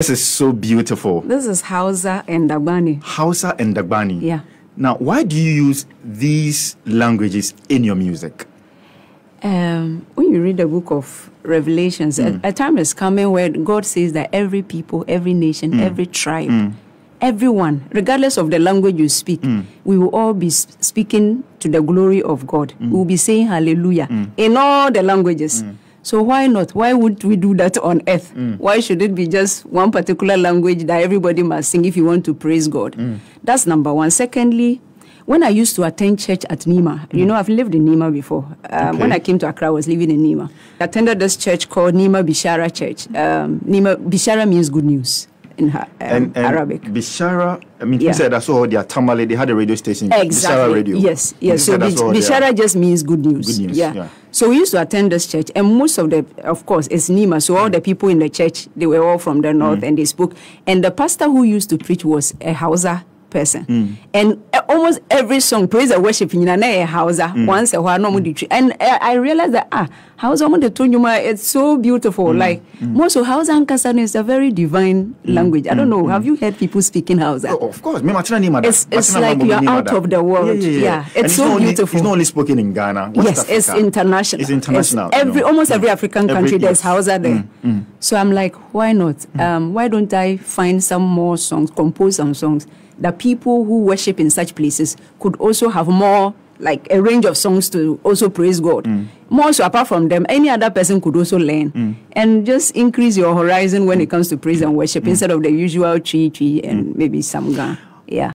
This is so beautiful. This is Hausa and Dagbani. Hausa and Dagbani. Yeah. Now, why do you use these languages in your music? Um, when you read the book of Revelations, mm. a, a, time is coming where God says that every people, every nation, mm. every tribe, mm. everyone, regardless of the language you speak, mm. we will all be speaking to the glory of God. Mm. We will be saying hallelujah mm. in all the languages. So why not? Why would we do that on earth? Mm. Why should it be just one particular language that everybody must sing if you want to praise God? Mm. That's number one. Secondly, when I used to attend church at Nima, mm. you know, I've lived in Nima before. Um, okay. When I came to Accra, I was living in Nima. I attended this church called Nima Bishara Church. Um, Nima Bishara means good news in her, um, and, and Arabic. Bishara, I mean, yeah. said that's all their Tamale, they had a radio station. Exactly. Bishara Radio. Yes, yes. so Bishara just means good news. Good news. yeah. yeah. So we used to attend this church, and most of the, of course, it's Nima. So all the people in the church, they were all from the north, mm. and they spoke. And the pastor who used to preach was a Hausa person. Mm. And uh, almost every song, praise and worship, in a Hausa, mm. once a while, no And uh, I realized that, ah, house, it's so beautiful. Mm. Like, mm. most of Hausa and Kassan is a very divine mm. language. I don't mm. know, have you heard people speaking Hausa? Oh, of course. It's, it's like you're out of the world. Yeah, yeah, yeah. yeah. it's, so it's only, beautiful. It's not only spoken in Ghana. West yes, Africa. it's international. It's international. It's every, you know. Almost every African every, country, yes. there's house there. So I'm like, why not? Hmm. Um, why don't I find some more songs, compose some songs that people who worship in such places could also have more, like a range of songs to also praise God. Mm. More so, apart from them, any other person could also learn mm. and just increase your horizon when it hmm. comes to praise and worship hmm. instead of the usual chi chi and maybe some gun. Yeah.